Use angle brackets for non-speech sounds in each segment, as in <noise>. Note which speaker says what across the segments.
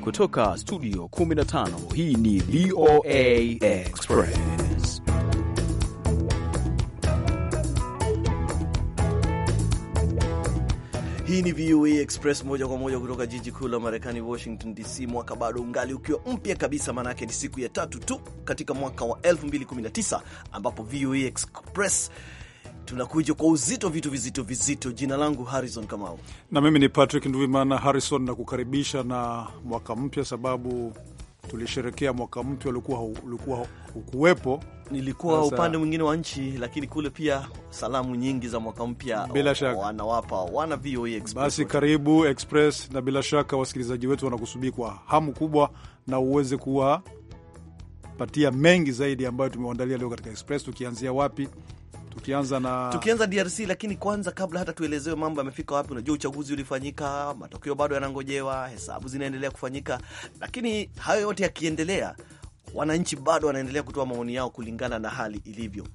Speaker 1: Kutoka studio 15 hii ni VOA Express. Hii ni VOA Express moja kwa moja kutoka jiji kuu la Marekani, Washington DC. Mwaka bado ungali ukiwa mpya kabisa, maanake ni siku ya tatu tu katika mwaka wa 2019 ambapo VOA Express tunakuja kwa uzito, vitu vizito vizito. Jina langu Harrison Kamau
Speaker 2: na mimi ni Patrick Nduimana. Harrison na kukaribisha na mwaka mpya, sababu tulisherekea mwaka mpya ulikuwa ulikuwa hukuwepo, nilikuwa upande
Speaker 1: mwingine wa nchi, lakini kule pia salamu nyingi za mwaka mpya bila
Speaker 2: shaka wanawapa wana VOA e Express. Basi karibu Express, na bila shaka wasikilizaji wetu wanakusubiri kwa hamu kubwa, na uweze kuwapatia mengi zaidi ambayo tumewaandalia leo katika Express. Tukianzia wapi? tukianza na tukianza
Speaker 1: DRC, lakini kwanza, kabla hata tuelezewe mambo yamefika wapi, unajua uchaguzi ulifanyika, matokeo bado yanangojewa, hesabu zinaendelea kufanyika, lakini hayo yote yakiendelea, wananchi bado wanaendelea kutoa maoni yao kulingana na hali ilivyo.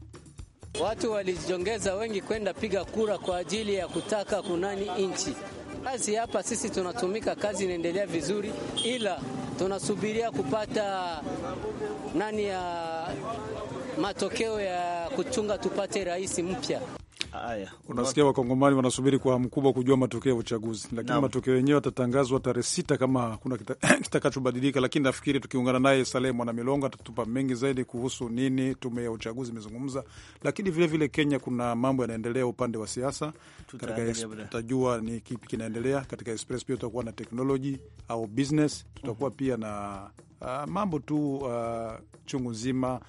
Speaker 3: Watu walijongeza wengi kwenda piga kura kwa ajili ya kutaka kunani nchi. Kazi hapa sisi tunatumika, kazi inaendelea vizuri, ila tunasubiria kupata nani ya matokeo ya kuchunga tupate rais mpya. Haya, unasikia
Speaker 2: wakongomani wanasubiri kwa mkubwa kujua matokeo ya uchaguzi, lakini no. matokeo yenyewe yatatangazwa tarehe sita kama kuna <clears throat> kitakachobadilika kita, lakini nafikiri tukiungana naye Saleh Mwana Milongo atatupa mengi zaidi kuhusu nini tume ya uchaguzi imezungumza. Lakini vilevile vile Kenya kuna mambo yanaendelea upande wa siasa, tutajua ni kipi kinaendelea katika Express. Pia tutakuwa na teknoloji au business, tutakuwa mm -hmm. pia na uh, mambo tu uh, chungu nzima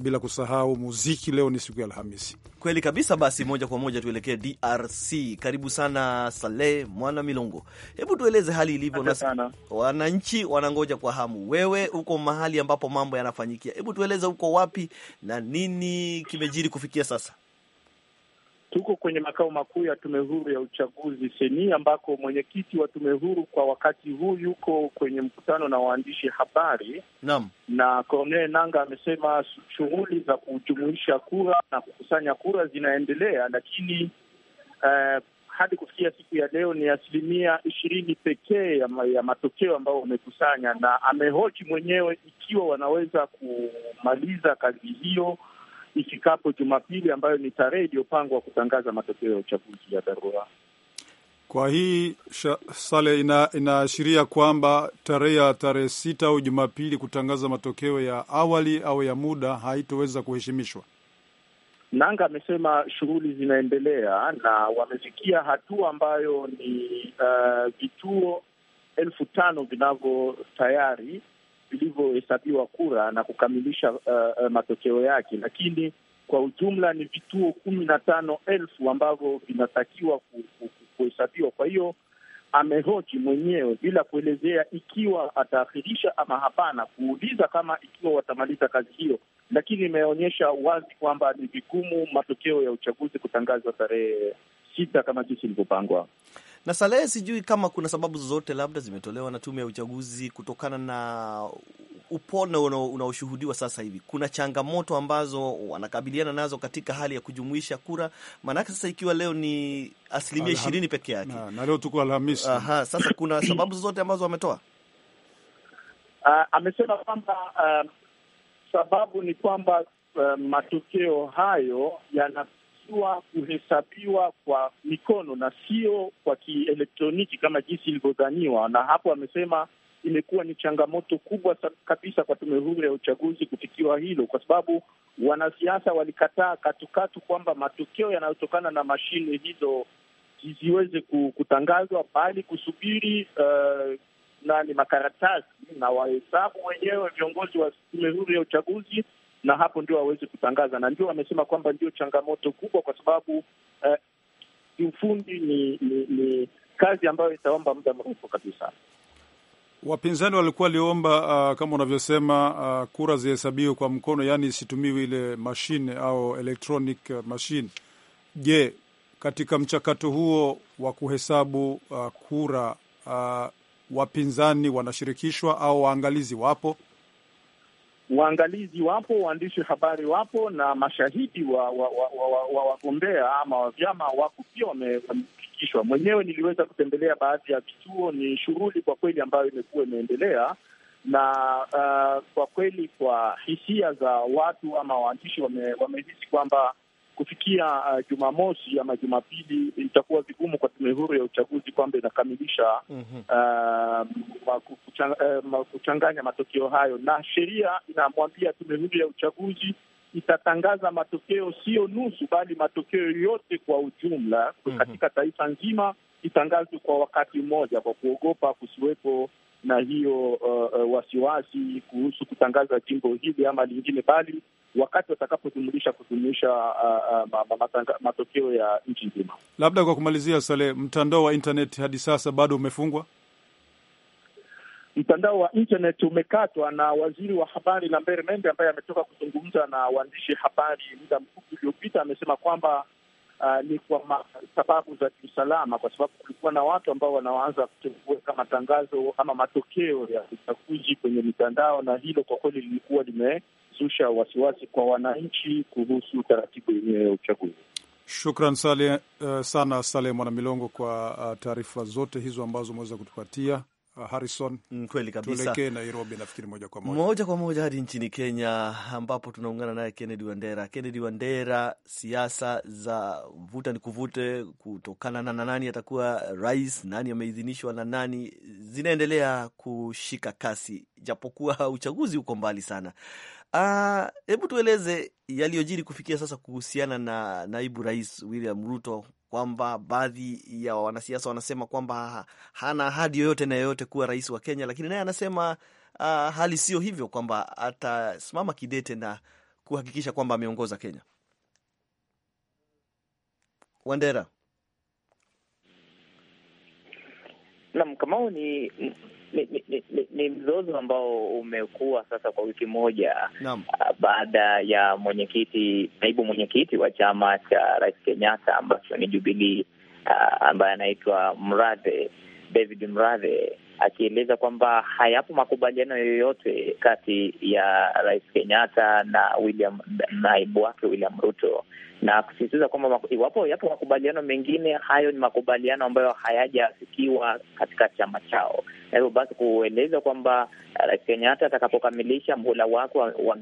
Speaker 2: bila kusahau muziki. Leo ni siku ya Alhamisi,
Speaker 1: kweli kabisa. Basi moja kwa moja tuelekee DRC. Karibu sana Saleh Mwana Milongo, hebu tueleze hali ilivyo na wananchi wanangoja kwa hamu. Wewe uko mahali ambapo mambo yanafanyikia, hebu tueleze uko wapi na nini kimejiri kufikia sasa?
Speaker 4: Tuko kwenye makao makuu ya tume huru ya uchaguzi seni, ambako mwenyekiti wa tume huru kwa wakati huu yuko kwenye mkutano na waandishi habari. Nam. na Corneille nanga amesema shughuli za kujumuisha kura na kukusanya kura zinaendelea, lakini eh, hadi kufikia siku ya leo ni asilimia ishirini pekee ya, ma, ya matokeo ambayo wamekusanya, na amehoji mwenyewe ikiwa wanaweza kumaliza kazi hiyo ifikapo Jumapili ambayo ni tarehe iliyopangwa kutangaza matokeo ya uchaguzi ya dharura.
Speaker 2: Kwa hii Sale, inaashiria ina kwamba tarehe ya tarehe sita au Jumapili kutangaza matokeo ya awali au ya muda haitoweza kuheshimishwa.
Speaker 4: Nanga amesema shughuli zinaendelea na wamefikia hatua ambayo ni uh, vituo elfu tano vinavyo tayari vilivyohesabiwa kura na kukamilisha uh, uh, matokeo yake, lakini kwa ujumla ni vituo kumi na tano elfu ambavyo vinatakiwa kuhesabiwa. Kwa hiyo amehoji mwenyewe bila kuelezea ikiwa ataahirisha ama hapana, kuuliza kama ikiwa watamaliza kazi hiyo, lakini imeonyesha wazi kwamba ni vigumu matokeo ya uchaguzi kutangazwa tarehe sita kama jinsi ilivyopangwa.
Speaker 1: Na Salehe, sijui kama kuna sababu zozote labda zimetolewa na tume ya uchaguzi kutokana na upone unaoshuhudiwa sasa hivi. Kuna changamoto ambazo wanakabiliana nazo katika hali ya kujumuisha kura, maanake sasa ikiwa leo ni asilimia ishirini peke yake na, na leo tuko Alhamisi. Aha, sasa kuna sababu zozote ambazo wametoa?
Speaker 4: Uh, amesema kwamba uh, sababu ni kwamba uh, ah, matokeo hayo yana inatakiwa kuhesabiwa kwa mikono na sio kwa kielektroniki kama jinsi ilivyodhaniwa. Na hapo amesema imekuwa ni changamoto kubwa kabisa kwa tume huru ya uchaguzi kufikiwa hilo, kwa sababu wanasiasa walikataa katukatu kwamba matokeo yanayotokana na mashine hizo ziweze kutangazwa, bali kusubiri uh, eh, nani makaratasi na wahesabu wenyewe viongozi wa tume huru ya uchaguzi na hapo ndio waweze kutangaza, na ndio wamesema kwamba ndio changamoto kubwa, kwa sababu eh, kiufundi eh, ni, ni, ni kazi ambayo itaomba muda mrefu kabisa.
Speaker 2: Wapinzani walikuwa waliomba uh, kama unavyosema uh, kura zihesabiwe kwa mkono, yaani isitumiwe ile mashine au electronic machine. Je, katika mchakato huo wa kuhesabu uh, kura uh, wapinzani wanashirikishwa au waangalizi wapo?
Speaker 4: waangalizi wapo, waandishi habari wapo, na mashahidi wa wagombea wa, wa, wa, wa ama wa vyama wako pia wamefikishwa. Mwenyewe niliweza kutembelea baadhi ya vituo. Ni shughuli kwa kweli ambayo imekuwa imeendelea na uh, kwa kweli kwa hisia za watu ama waandishi wamehisi wame kwamba kufikia uh, Jumamosi ama Jumapili itakuwa vigumu kwa tume huru ya uchaguzi kwamba inakamilisha mm -hmm. uh, kuchang, uh, kuchanganya matokeo hayo, na sheria inamwambia tume huru ya uchaguzi itatangaza matokeo sio nusu, bali matokeo yote kwa ujumla mm -hmm. katika taifa nzima itangazwe kwa wakati mmoja, kwa kuogopa kusiwepo na hiyo uh, uh, wasiwasi kuhusu kutangaza jimbo hili ama lingine, bali wakati watakapojumulisha kujumuisha uh, uh, matokeo ya nchi nzima.
Speaker 2: Labda kwa kumalizia, saleh mtandao wa internet hadi sasa bado umefungwa.
Speaker 4: Mtandao wa internet umekatwa, na waziri wa habari Lambert Mende ambaye ametoka kuzungumza na waandishi habari muda mfupi uliopita amesema kwamba uh, ni kwa sababu za kiusalama, kwa sababu kulikuwa na watu ambao wanaanza kuweka matangazo ama matokeo ya uchaguzi kwenye mitandao, na hilo kwa kweli lilikuwa limezusha wasiwasi kwa wananchi kuhusu taratibu yenyewe ya uchaguzi.
Speaker 2: Shukran sale, uh, sana Sale Mwana Milongo kwa uh, taarifa zote hizo ambazo umeweza kutupatia. Uh, Harrison, mm, kweli kabisa. Tuelekee Nairobi nafikiri moja kwa moja, moja kwa moja hadi nchini Kenya ambapo tunaungana naye
Speaker 1: Kennedy Wandera. Kennedy Wandera, siasa za vuta ni kuvute kutokana na nani atakuwa rais, nani ameidhinishwa na nani, zinaendelea kushika kasi japokuwa uchaguzi uko mbali sana. Uh, hebu tueleze yaliyojiri kufikia sasa kuhusiana na naibu rais William Ruto kwamba baadhi ya wanasiasa wanasema kwamba hana ahadi yoyote na yoyote kuwa rais wa Kenya, lakini naye anasema uh, hali sio hivyo, kwamba atasimama kidete na kuhakikisha kwamba ameongoza Kenya. Wandera
Speaker 5: Nam Kamau, ni ni, ni, ni, mzozo ambao umekuwa sasa kwa wiki moja ah, baada ya mwenyekiti naibu mwenyekiti wa chama cha Rais Kenyatta ambacho ni Jubilii ah, ambaye anaitwa Mradhe David Mradhe akieleza kwamba hayapo makubaliano yoyote kati ya Rais Kenyatta na William naibu wake William Ruto, na kusisitiza kwamba iwapo yapo makubaliano mengine, hayo ni makubaliano ambayo hayajafikiwa katika chama chao, na hivyo basi kueleza kwamba Rais Kenyatta atakapokamilisha mhula wake wa, wa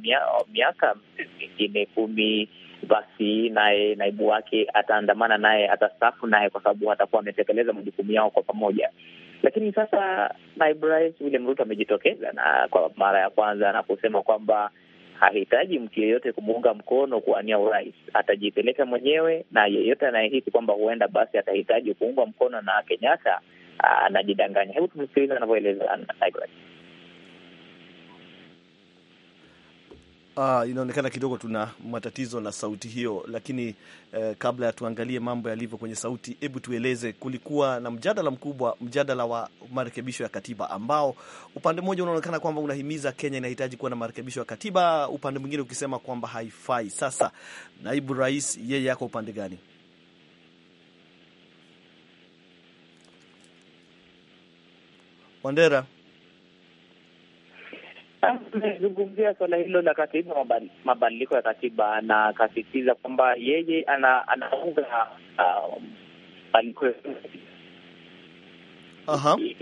Speaker 5: miaka mingine kumi basi naye naibu wake ataandamana naye, atastaafu naye, kwa sababu atakuwa ametekeleza majukumu yao kwa pamoja. Lakini sasa naibu rais William Ruto amejitokeza na kwa mara ya kwanza na kusema kwamba hahitaji mtu yeyote kumuunga mkono kuwania urais, atajipeleka mwenyewe, na yeyote anayehisi kwamba huenda basi atahitaji kuungwa mkono na Kenyatta anajidanganya. Hebu tumsikiliza anavyoeleza naibu rais.
Speaker 1: Ah, inaonekana kidogo tuna matatizo na sauti hiyo, lakini eh, kabla ya tuangalie mambo yalivyo kwenye sauti, hebu tueleze, kulikuwa na mjadala mkubwa, mjadala wa marekebisho ya katiba ambao upande mmoja unaonekana kwamba unahimiza Kenya inahitaji kuwa na marekebisho ya katiba, upande mwingine ukisema kwamba haifai. Sasa naibu rais yeye yako upande gani? Wandera
Speaker 5: amezungumzia suala hilo la katiba, mabadiliko ya katiba, na akasisitiza kwamba yeye anaunga ah, mabadiliko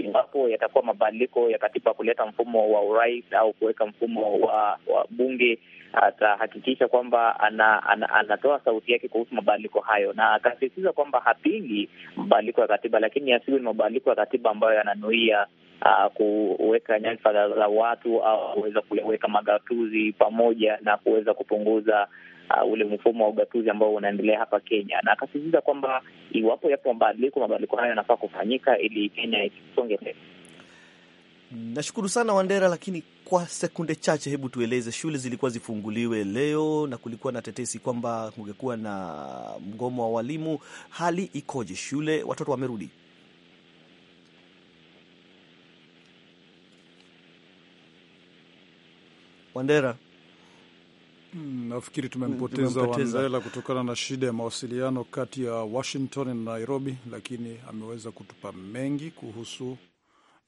Speaker 5: iwapo yatakuwa mabadiliko ya katiba kuleta mfumo wa urais au kuweka mfumo wa, wa bunge atahakikisha kwamba ana, ana, anatoa sauti yake kuhusu mabadiliko hayo, na akasisitiza kwamba hapingi mabadiliko ya katiba, lakini asiwe ni mabadiliko ya katiba ambayo yananuia uh, kuweka nyadhifa za watu au kuweza kuweka magatuzi pamoja na kuweza kupunguza uh, ule mfumo wa ugatuzi ambao unaendelea hapa Kenya, na akasisitiza kwamba iwapo yapo mabadiliko, mabadiliko hayo yanafaa kufanyika ili Kenya isonge mbele.
Speaker 1: Nashukuru sana Wandera, lakini kwa sekunde chache, hebu tueleze, shule zilikuwa zifunguliwe leo na kulikuwa na tetesi kwamba kungekuwa na mgomo wa walimu. Hali ikoje? Shule watoto wamerudi?
Speaker 2: Wandera. Hmm, nafikiri hmm, tumempoteza Wandera kutokana na shida ya mawasiliano kati ya Washington na Nairobi, lakini ameweza kutupa mengi kuhusu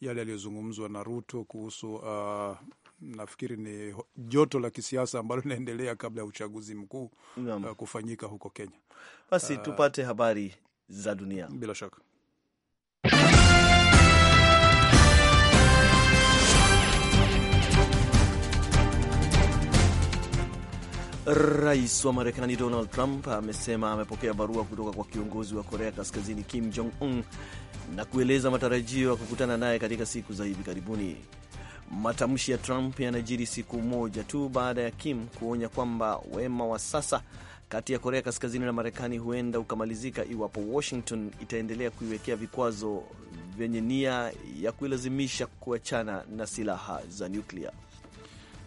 Speaker 2: yale yaliyozungumzwa na Ruto kuhusu uh, nafikiri ni joto la kisiasa ambalo <laughs> linaendelea kabla ya uchaguzi mkuu uh, kufanyika huko Kenya. Basi uh, tupate habari za dunia bila shaka.
Speaker 1: Rais wa Marekani Donald Trump amesema amepokea barua kutoka kwa kiongozi wa Korea Kaskazini Kim Jong Un na kueleza matarajio ya kukutana naye katika siku za hivi karibuni. Matamshi ya Trump yanajiri siku moja tu baada ya Kim kuonya kwamba wema wa sasa kati ya Korea Kaskazini na Marekani huenda ukamalizika iwapo Washington itaendelea kuiwekea vikwazo vyenye nia ya kuilazimisha kuachana na silaha za nyuklia.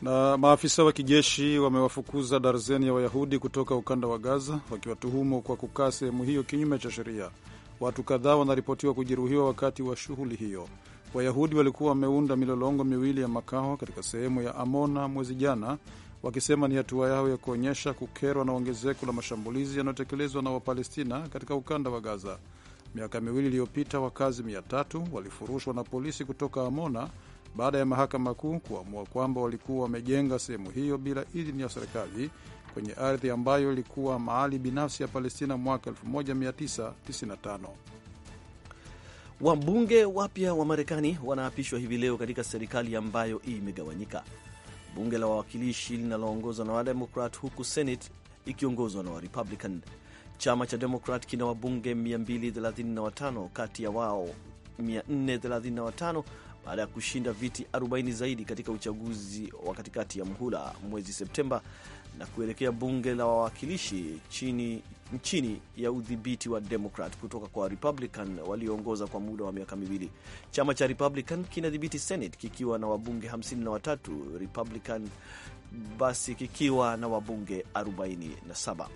Speaker 2: Na maafisa wa kijeshi wamewafukuza darzeni ya Wayahudi kutoka ukanda wa Gaza wakiwatuhumu kwa kukaa sehemu hiyo kinyume cha sheria. Watu kadhaa wanaripotiwa kujeruhiwa wakati wa shughuli hiyo. Wayahudi walikuwa wameunda milolongo miwili ya makao katika sehemu ya Amona mwezi jana, wakisema ni hatua yao ya kuonyesha kukerwa na ongezeko la mashambulizi yanayotekelezwa na Wapalestina katika ukanda wa Gaza. Miaka miwili iliyopita, wakazi mia tatu walifurushwa na polisi kutoka Amona baada ya mahakama kuu kuamua kwamba walikuwa wamejenga sehemu hiyo bila idhini ya serikali kwenye ardhi ambayo ilikuwa mahali binafsi ya Palestina mwaka 1995. Wabunge wapya wa Marekani wanaapishwa hivi leo katika serikali
Speaker 1: ambayo imegawanyika, bunge la wawakilishi linaloongozwa na Wademokrat huku Senate ikiongozwa na Warepublican. Chama cha Demokrat kina wabunge 235 kati ya wao 435 baada ya kushinda viti 40 zaidi katika uchaguzi wa katikati ya mhula mwezi Septemba na kuelekea bunge la wawakilishi chini, nchini ya udhibiti wa Democrat kutoka kwa Republican walioongoza kwa muda wa miaka miwili. Chama cha Republican kinadhibiti Senate kikiwa na wabunge 53, Republican basi kikiwa na wabunge
Speaker 2: 47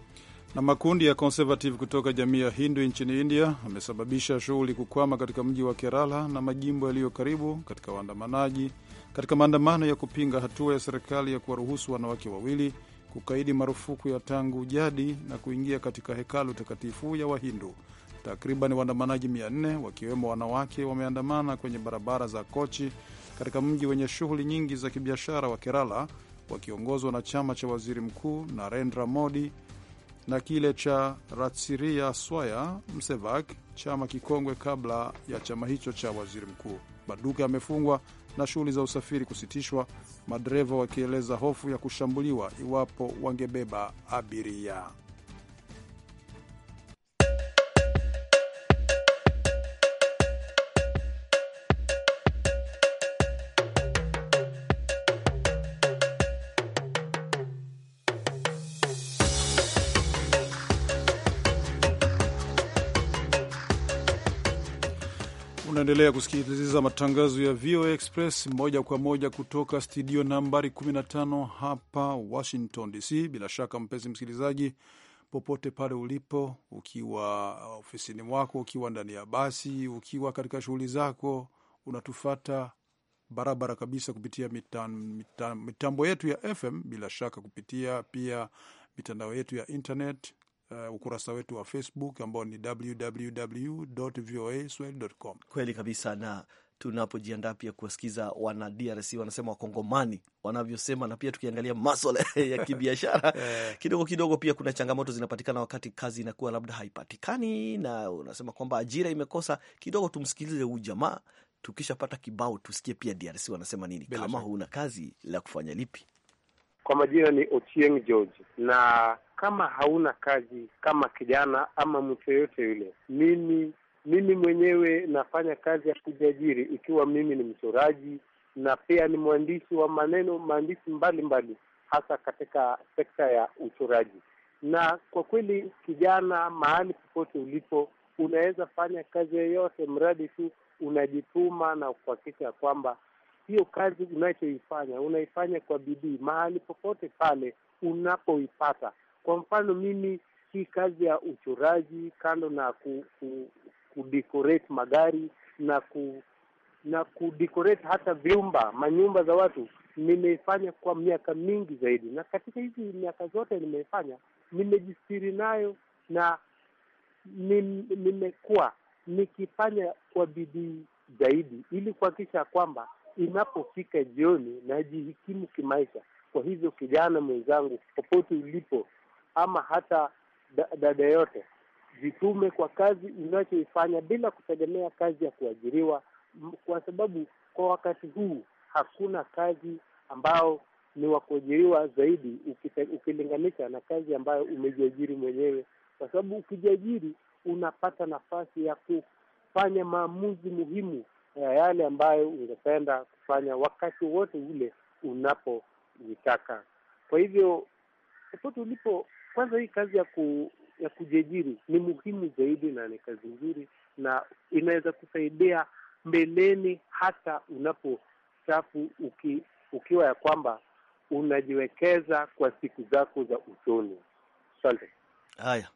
Speaker 2: na makundi ya conservative kutoka jamii ya Hindu nchini India amesababisha shughuli kukwama katika mji wa Kerala na majimbo yaliyo karibu katika waandamanaji katika maandamano ya kupinga hatua ya serikali ya kuwaruhusu wanawake wawili kukaidi marufuku ya tangu jadi na kuingia katika hekalu takatifu ya Wahindu. Takriban waandamanaji 400 wakiwemo wanawake wameandamana kwenye barabara za Kochi katika mji wenye shughuli nyingi za kibiashara wa Kerala wakiongozwa na chama cha waziri mkuu Narendra Modi na kile cha Ratsiria Swaya Msevak, chama kikongwe kabla ya chama hicho cha waziri mkuu. Maduka yamefungwa na shughuli za usafiri kusitishwa, madereva wakieleza hofu ya kushambuliwa iwapo wangebeba abiria. Unaendelea kusikiliza matangazo ya VOA Express moja kwa moja kutoka studio nambari 15 hapa Washington DC. Bila shaka, mpenzi msikilizaji, popote pale ulipo, ukiwa ofisini mwako, ukiwa ndani ya basi, ukiwa katika shughuli zako, unatufata barabara kabisa kupitia mitan, mitan, mitambo yetu ya FM, bila shaka kupitia pia mitandao yetu ya internet uh, ukurasa wetu wa Facebook ambao ni www.voaswahili.com. Kweli kabisa, na tunapojiandaa pia kuwasikiza wana
Speaker 1: DRC wanasema wakongomani wanavyosema, na pia tukiangalia maswala <laughs> ya kibiashara <laughs> eh. kidogo kidogo, pia kuna changamoto zinapatikana wakati kazi inakuwa labda haipatikani, na unasema kwamba ajira imekosa kidogo. Tumsikilize huu jamaa, tukishapata kibao tusikie pia DRC wanasema nini. Bila kama huna kazi la kufanya lipi?
Speaker 6: Kwa majina ni Ochieng George na kama hauna kazi kama kijana ama mtu yeyote yule, mimi mimi mwenyewe nafanya kazi ya kujiajiri, ikiwa mimi ni mchoraji na pia ni mwandishi wa maneno, maandishi mbalimbali, hasa katika sekta ya uchoraji. Na kwa kweli, kijana, mahali popote ulipo, unaweza fanya kazi yoyote, mradi tu unajituma na kuhakikisha kwamba hiyo kazi unachoifanya unaifanya kwa bidii, mahali popote pale unapoipata, kwa mfano mimi, hii kazi ya uchoraji, kando na ku, ku, kudecorate magari na ku na kudecorate hata vyumba manyumba za watu nimeifanya kwa miaka mingi zaidi, na katika hizi miaka zote nimeifanya, nimejistiri nayo na nimekuwa nikifanya kwa bidii zaidi ili kuhakikisha kwamba inapofika jioni najihikimu kimaisha. Kwa hivyo kijana mwenzangu, popote ulipo, ama hata dada yote, jitume kwa kazi unachoifanya bila kutegemea kazi ya kuajiriwa, kwa sababu kwa wakati huu hakuna kazi ambao ni wa kuajiriwa zaidi ukilinganisha na kazi ambayo umejiajiri mwenyewe, kwa sababu ukijiajiri unapata nafasi ya kufanya maamuzi muhimu ya yale ambayo ungependa kufanya wakati wote ule unapoitaka. Kwa hivyo popote ulipo, kwanza hii kazi ya ku, ya kujiajiri ni muhimu zaidi na ni kazi nzuri na inaweza kusaidia mbeleni, hata unapostaafu uki, ukiwa ya kwamba unajiwekeza kwa siku zako za usoni.
Speaker 1: Asante. Haya,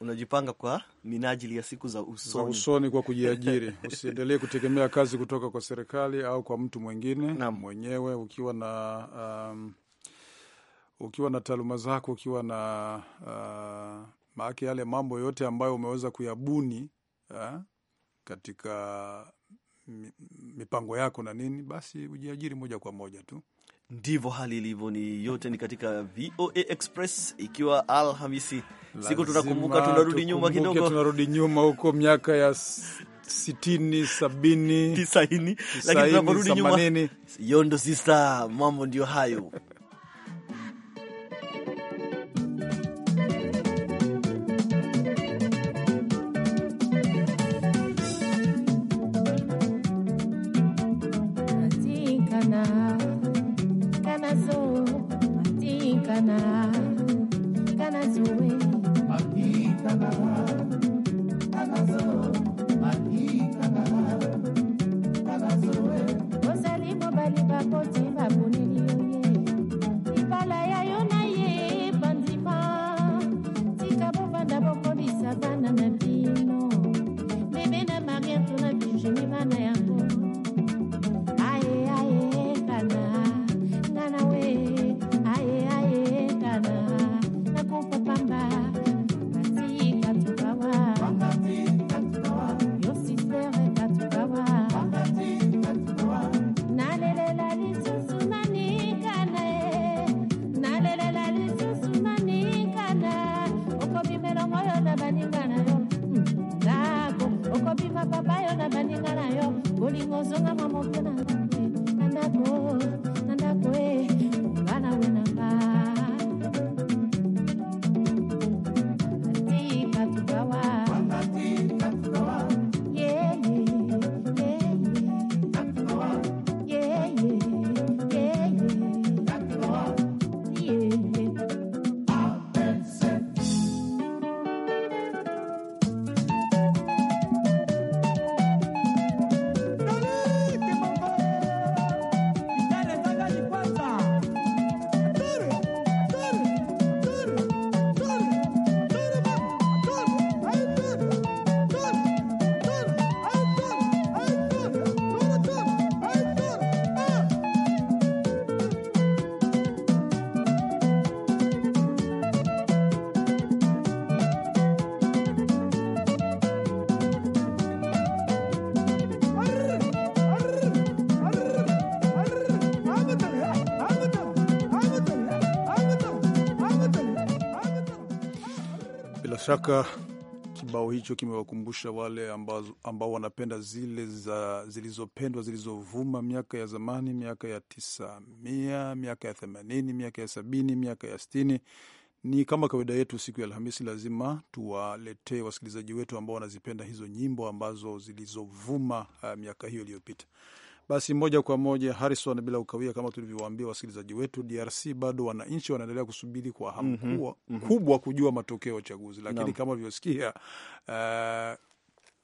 Speaker 1: unajipanga kwa minajili ya siku za usoni, za usoni kwa kujiajiri. <laughs> Usiendelee
Speaker 2: kutegemea kazi kutoka kwa serikali au kwa mtu mwingine. Mwenyewe ukiwa na um, ukiwa na taaluma zako, ukiwa na uh, maake yale mambo yote ambayo umeweza kuyabuni uh, katika mipango yako na nini, basi ujiajiri moja kwa moja tu. Ndivyo hali ilivyo. Ni yote ni katika VOA Express,
Speaker 1: ikiwa Alhamisi siku tunakumbuka, tunarudi nyuma kidogo,
Speaker 2: tunarudi nyuma huko miaka ya sitini, sabini, tisaini, lakini tunaporudi nyuma,
Speaker 1: Yondo Sista, mambo ndio hayo.
Speaker 2: Kumbuka kibao hicho kimewakumbusha wale ambao wanapenda zile za zilizopendwa zilizovuma miaka ya zamani, miaka ya tisa mia, miaka ya themanini, miaka ya sabini, miaka ya sitini. Ni kama kawaida yetu, siku ya Alhamisi lazima tuwaletee wasikilizaji wetu ambao wanazipenda hizo nyimbo ambazo zilizovuma uh, miaka hiyo iliyopita. Basi moja kwa moja Harrison, bila ukawia, kama tulivyowaambia wasikilizaji wetu, DRC bado wananchi wanaendelea kusubiri kwa hamu mm -hmm. kubwa kujua matokeo ya uchaguzi, lakini no. kama ulivyosikia uh,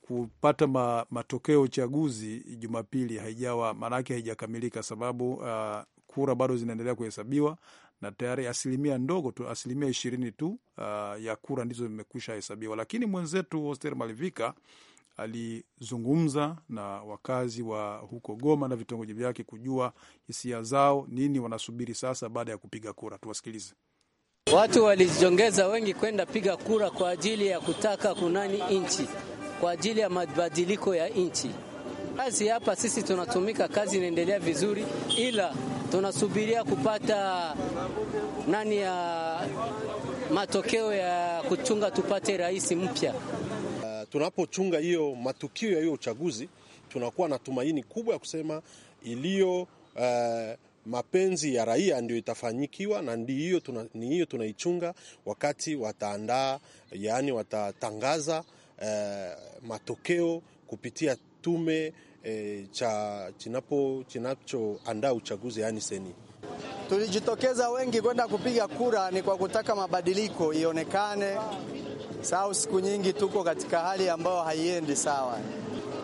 Speaker 2: kupata ma, matokeo ya uchaguzi Jumapili haijawa maanake haijakamilika, sababu uh, kura bado zinaendelea kuhesabiwa na tayari asilimia ndogo tu, asilimia ishirini tu uh, ya kura ndizo zimekwisha hesabiwa, lakini mwenzetu Oster Malivika alizungumza na wakazi wa huko Goma na vitongoji vyake kujua hisia zao, nini wanasubiri sasa baada ya kupiga kura. Tuwasikilize.
Speaker 3: Watu walijongeza wengi kwenda piga kura kwa ajili ya kutaka kunani nchi, kwa ajili ya mabadiliko ya nchi. Kazi hapa sisi tunatumika, kazi inaendelea vizuri, ila tunasubiria kupata nani ya matokeo ya kuchunga tupate rais mpya tunapochunga hiyo
Speaker 2: matukio ya hiyo uchaguzi, tunakuwa na tumaini kubwa ya kusema iliyo uh, eh, mapenzi ya raia ndio itafanyikiwa, na ndi hiyo tuna, ni hiyo tunaichunga
Speaker 6: wakati wataandaa, yaani watatangaza uh, matokeo
Speaker 2: kupitia tume E, cha chinapo chinachoandaa uchaguzi yani seni. Tulijitokeza wengi kwenda
Speaker 7: kupiga kura ni kwa kutaka
Speaker 2: mabadiliko
Speaker 7: ionekane sababu siku nyingi tuko katika hali ambayo haiendi sawa.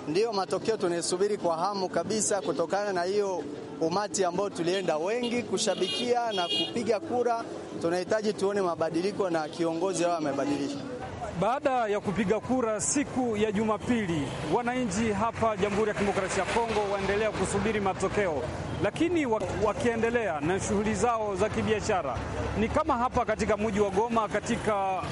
Speaker 7: Ndiyo matokeo tunaesubiri kwa hamu kabisa, kutokana na hiyo umati ambao tulienda wengi kushabikia na kupiga kura. Tunahitaji tuone mabadiliko na kiongozi ayo amebadilisha.
Speaker 6: Baada ya kupiga kura siku ya Jumapili, wananchi hapa Jamhuri ya Kidemokrasia ya Kongo waendelea kusubiri matokeo, lakini wakiendelea na shughuli zao za kibiashara. Ni kama hapa katika mji wa Goma katika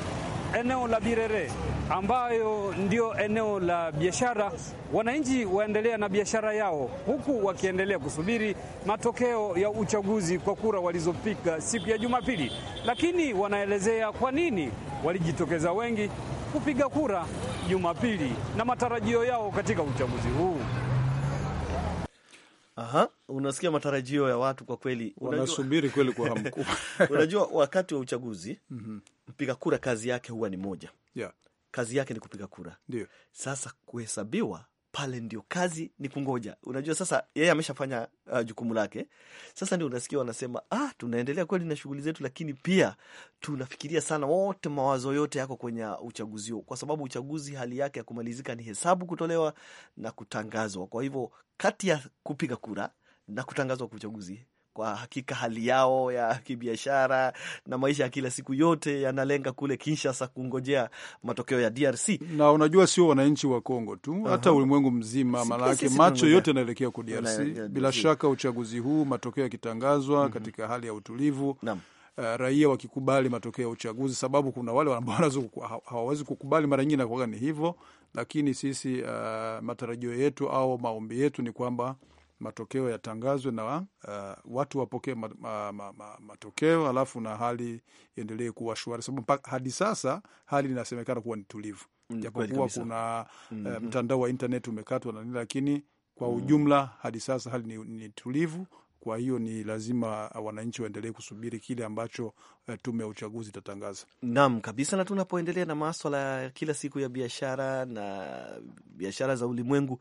Speaker 6: eneo la Birere ambayo ndio eneo la biashara. Wananchi waendelea na biashara yao huku wakiendelea kusubiri matokeo ya uchaguzi kwa kura walizopiga siku ya Jumapili, lakini wanaelezea kwa nini walijitokeza wengi kupiga kura Jumapili na matarajio
Speaker 1: yao katika uchaguzi huu. Aha, unasikia matarajio ya watu kwa kweli, wanasubiri kweli kwa hamu kubwa. <laughs> Unajua, wakati wa uchaguzi mm -hmm. mpiga kura kazi yake huwa ni moja yeah. kazi yake ni kupiga kura Dio. Sasa kuhesabiwa pale ndio kazi ni kungoja. Unajua sasa yeye ameshafanya uh, jukumu lake. Sasa ndio unasikia wanasema, ah, tunaendelea kweli na shughuli zetu, lakini pia tunafikiria sana. Wote mawazo yote yako kwenye uchaguzi huo, kwa sababu uchaguzi hali yake ya kumalizika ni hesabu kutolewa na kutangazwa. Kwa hivyo kati ya kupiga kura na kutangazwa kwa uchaguzi kwa hakika hali yao ya kibiashara na maisha ya kila siku yote yanalenga kule Kinshasa kungojea matokeo ya DRC.
Speaker 2: Na unajua sio wananchi wa Kongo tu, hata ulimwengu mzima, maanake macho yote yanaelekea ku DRC. Bila shaka uchaguzi huu matokeo yakitangazwa mhm. katika hali ya utulivu Naam. Uh, raia wakikubali matokeo ya uchaguzi, sababu kuna wale ambao hawawezi kukubali, mara nyingi nakuaga ni hivyo, lakini sisi uh, matarajio yetu au maombi yetu ni kwamba matokeo yatangazwe na uh, watu wapokee ma, ma, ma, ma, matokeo alafu na hali iendelee kuwa shwari, sababu so, hadi sasa hali inasemekana kuwa ni tulivu, mm, japokuwa kuna mm -hmm. uh, mtandao wa internet umekatwa na nini, lakini kwa mm-hmm. ujumla hadi sasa hali ni, ni tulivu. Kwa hiyo ni lazima wananchi waendelee kusubiri kile ambacho eh, tume ya uchaguzi itatangaza. Naam kabisa. Na tunapoendelea na maswala ya kila siku ya biashara na
Speaker 1: biashara za ulimwengu,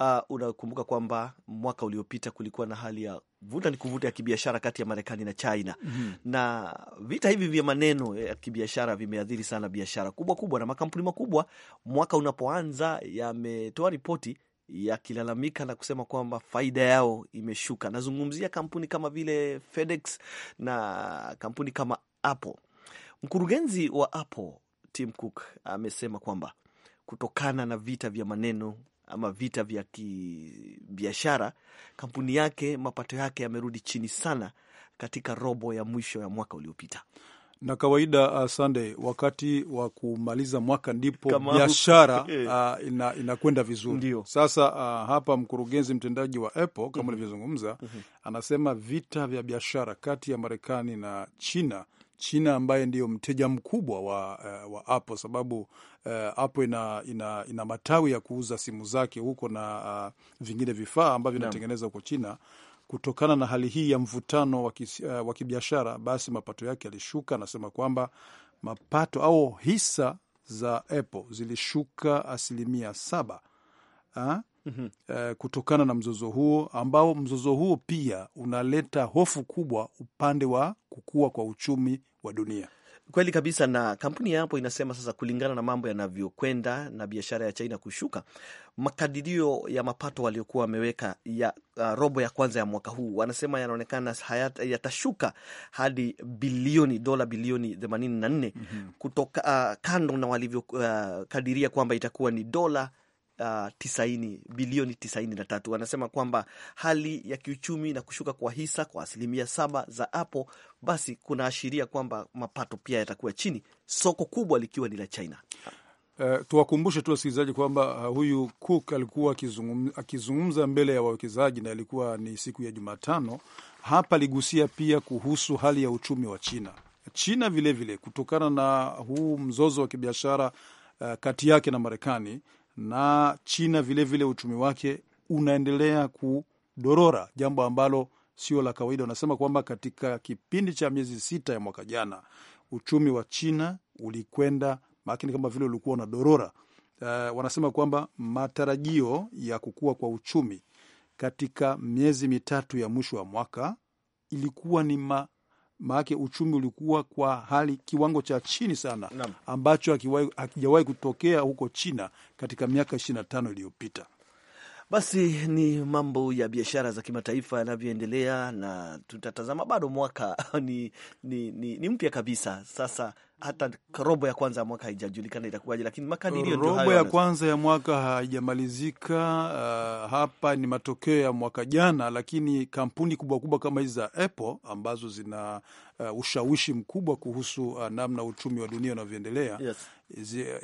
Speaker 1: uh, unakumbuka kwamba mwaka uliopita kulikuwa na hali ya vuta ni kuvuta ya kibiashara kati ya Marekani na China mm -hmm. na vita hivi vya maneno ya kibiashara vimeathiri sana biashara kubwa kubwa na makampuni makubwa, mwaka unapoanza yametoa ripoti yakilalamika na kusema kwamba faida yao imeshuka. Nazungumzia kampuni kama vile FedEx na kampuni kama Apple. Mkurugenzi wa Apple Tim Cook amesema kwamba kutokana na vita vya maneno ama vita vya kibiashara, kampuni yake mapato yake
Speaker 2: yamerudi chini sana katika robo ya mwisho ya mwaka uliopita na kawaida uh, Sunday wakati wa kumaliza mwaka ndipo biashara uh, <laughs> ina, inakwenda vizuri. Ndiyo. Sasa uh, hapa mkurugenzi mtendaji wa Apple kama mhm. ulivyozungumza, mm -hmm. anasema vita vya biashara kati ya Marekani na China China ambaye ndiyo mteja mkubwa wa, eh, wa Apple sababu uh, Apple ina, ina, ina matawi ya kuuza simu zake huko na uh, vingine vifaa ambavyo inatengeneza huko China. Kutokana na hali hii ya mvutano wa kibiashara, basi mapato yake yalishuka. Anasema kwamba mapato au hisa za Apple zilishuka asilimia saba ha? Ah, mm -hmm. uh, kutokana na mzozo huo ambao mzozo huo pia unaleta hofu kubwa upande wa kukua kwa uchumi wa dunia. Kweli
Speaker 1: kabisa, na kampuni yapo inasema sasa, kulingana na mambo yanavyokwenda na biashara ya China kushuka, makadirio ya mapato waliokuwa wameweka ya uh, robo ya kwanza ya mwaka huu wanasema yanaonekana yatashuka hadi bilioni dola bilioni 84 mm -hmm. kutoka uh, kando na walivyokadiria uh, kwamba itakuwa ni dola uh, tisaini, bilioni tisaini na tatu. Wanasema kwamba hali ya kiuchumi na kushuka kwa hisa kwa asilimia saba za Apple basi kunaashiria kwamba mapato pia yatakuwa chini,
Speaker 2: soko kubwa likiwa ni la China. Uh, tuwakumbushe tu wasikilizaji kwamba uh, huyu Cook alikuwa akizungumza mbele ya wawekezaji na ilikuwa ni siku ya Jumatano. Hapa aligusia pia kuhusu hali ya uchumi wa China China vilevile vile, kutokana na huu mzozo wa kibiashara uh, kati yake na Marekani na China vilevile vile uchumi wake unaendelea kudorora, jambo ambalo sio la kawaida. Wanasema kwamba katika kipindi cha miezi sita ya mwaka jana uchumi wa China ulikwenda makini kama vile ulikuwa dorora. Uh, eh, wanasema kwamba matarajio ya kukua kwa uchumi katika miezi mitatu ya mwisho wa mwaka ilikuwa ni ma maake uchumi ulikuwa kwa hali kiwango cha chini sana ambacho hakijawahi kutokea huko China katika miaka na tano iliyopita. Basi ni mambo ya biashara za kimataifa yanavyoendelea,
Speaker 1: na tutatazama bado mwaka <laughs> ni, ni, ni, ni mpya kabisa sasa hata robo ya kwanza ya mwaka haijajulikana itakuwaje, lakini makadirio hayo. ya
Speaker 2: kwanza ya mwaka haijamalizika. Uh, hapa ni matokeo ya mwaka jana, lakini kampuni kubwa kubwa kama hizi za Apple ambazo zina uh, ushawishi mkubwa kuhusu uh, namna uchumi wa dunia unavyoendelea yes.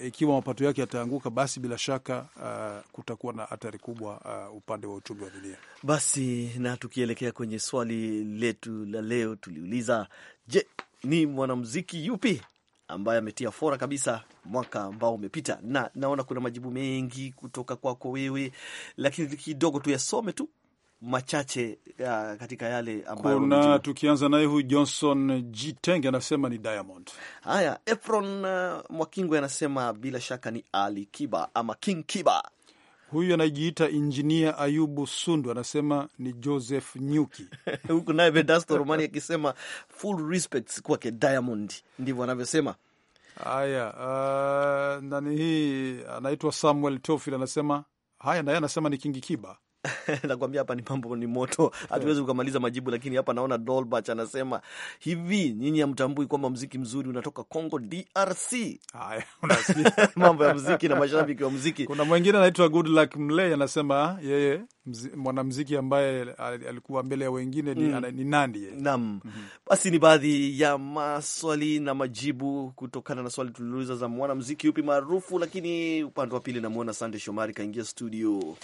Speaker 2: Ikiwa mapato yake yataanguka, basi bila shaka uh, kutakuwa na hatari kubwa uh, upande wa uchumi wa dunia.
Speaker 1: Basi na tukielekea kwenye swali letu la leo, tuliuliza je, ni mwanamuziki yupi ambaye ametia fora kabisa mwaka ambao umepita, na naona kuna majibu mengi kutoka kwako wewe, lakini kidogo tuyasome tu machache ya katika yale ambayo kuna.
Speaker 2: Tukianza naye huyu Johnson Jitenge anasema ni Diamond. Haya, Efron uh,
Speaker 1: Mwakingwe anasema bila shaka ni Ali Kiba ama King Kiba
Speaker 2: Huyu anajiita injinia Ayubu Sundu, anasema ni Joseph Nyuki <laughs> huku naye Vedasto Romani akisema full respects kwake Diamond, ndivyo anavyosema. Haya, uh, nani hii anaitwa Samuel Tofil anasema haya, naye anasema ni Kingi Kiba <laughs> nakwambia hapa ni mambo ni moto, hatuwezi kukamaliza majibu,
Speaker 1: lakini hapa naona Dolbach anasema hivi, nyinyi hamtambui kwamba mziki mzuri unatoka Congo DRC? <laughs> mambo ya mziki na mashabiki wa mziki. Kuna
Speaker 2: mwingine anaitwa Good Mlay anasema yeye mwanamziki ambaye alikuwa mbele ya wengine ni, mm. ni Nandi. Naam, mm -hmm. Basi ni baadhi ya maswali na majibu
Speaker 1: kutokana na swali tuliuliza za mwanamziki yupi maarufu, lakini upande wa pili namwona Sande Shomari kaingia studio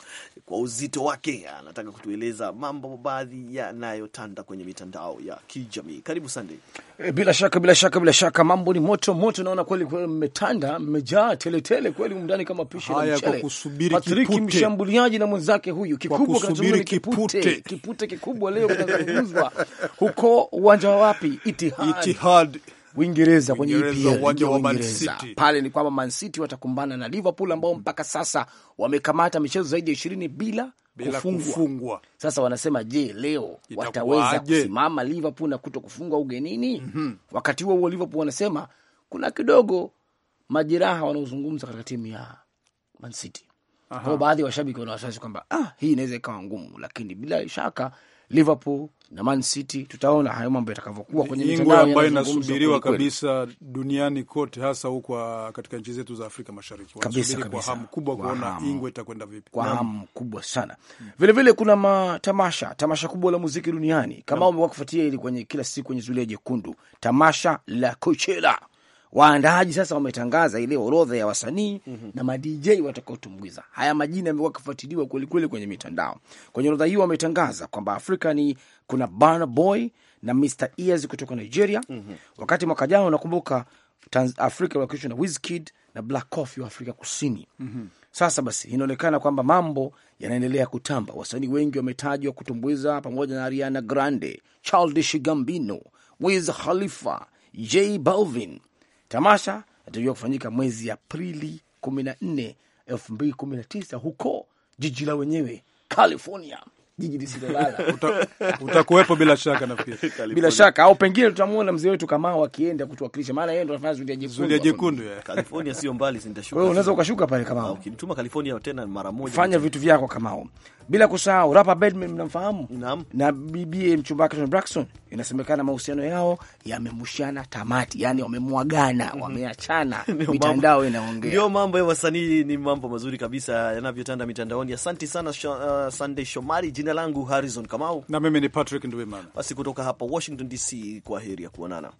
Speaker 1: kwa uzito wake, anataka kutueleza mambo baadhi yanayotanda kwenye mitandao ya kijamii. Karibu Sande.
Speaker 7: Eh, bila shaka bila shaka bila shaka, mambo ni moto moto, naona kweli kweli, mmetanda mmejaa teletele kweli, umndani kama pishi la mchele. Patrick mshambuliaji na mwenzake huyu kikubwa kusubiri kipute. <laughs> Kipute, kikubwa leo kinazungumzwa <laughs> huko uwanja wa wapi? Itihad, Itihad. Uingereza kwenye uwanja wa Man City pale, ni kwamba Man City watakumbana na Liverpool ambao mpaka sasa wamekamata michezo zaidi ya ishirini bila bila kufungwa. Kufungwa. Sasa wanasema je, leo Itakuwa wataweza aje kusimama Liverpool na kuto kufungwa ugenini? mm -hmm. Wakati huo huo Liverpool wanasema kuna kidogo majeraha wanaozungumza katika timu ya Man City kwa baadhi ya washabiki wana wasiwasi kwamba ah, hii inaweza ikawa ngumu, lakini bila shaka Liverpool na Man City tutaona hayo mambo yatakavyokuwa kwenye mitandao ambayo inasubiriwa kabisa
Speaker 2: duniani kote, hasa huko ah, katika nchi zetu za Afrika Mashariki kabisa, kabisa. Kwa hamu kubwa kuona Ingwe itakwenda vipi, kwa hamu
Speaker 7: kubwa sana vilevile. Vile kuna matamasha tamasha kubwa la muziki duniani kama umekuwa kufuatia ili kwenye kila siku kwenye zulia jekundu, tamasha la Coachella Waandaaji sasa wametangaza ile orodha ya wasanii mm -hmm. na madj watakaotumbuiza. Haya majina yamekuwa akifuatiliwa kwelikweli kwenye mitandao. Kwenye orodha hiyo wametangaza kwamba Afrika ni kuna Burna Boy na Mr Ears kutoka Nigeria mm -hmm. wakati mwaka jana unakumbuka Afrika wakiishwa na Wizkid na Black Coffee wa Afrika Kusini mm -hmm. Sasa basi inaonekana kwamba mambo yanaendelea kutamba. Wasanii wengi wametajwa kutumbuiza pamoja na Ariana Grande, Childish Gambino, Wiz Khalifa, J Balvin Tamasha inatarajiwa kufanyika mwezi Aprili 14, 2019 huko jiji la wenyewe California, jiji lisilolala. <laughs> Utakuwepo bila shaka, nafikiri <laughs> bila shaka, au pengine tutamwona mzee wetu Kamau akienda kutuwakilisha, maana yeye ndo anafanya zulia jekundu.
Speaker 1: California sio mbali, nitashuka wewe, unaweza ukashuka pale Kamau, ukinituma California tena mara
Speaker 7: moja, fanya vitu vyako Kamau bila kusahau rapa Bedman mnamfahamu, na bibie mchumba wake Braxton, inasemekana mahusiano yao yamemushana tamati, yani wamemwagana, mm -hmm. wameachana
Speaker 1: <laughs> mitandao inaongea. Ndio mambo ya wasanii, ni mambo mazuri kabisa yanavyotanda mitandaoni. Asante sana sh uh, Sunday Shomari. Jina langu Harrison Kamau na mimi ni Patrick Ndwimana. Basi kutoka hapa Washington DC, kwa heri ya kuonana.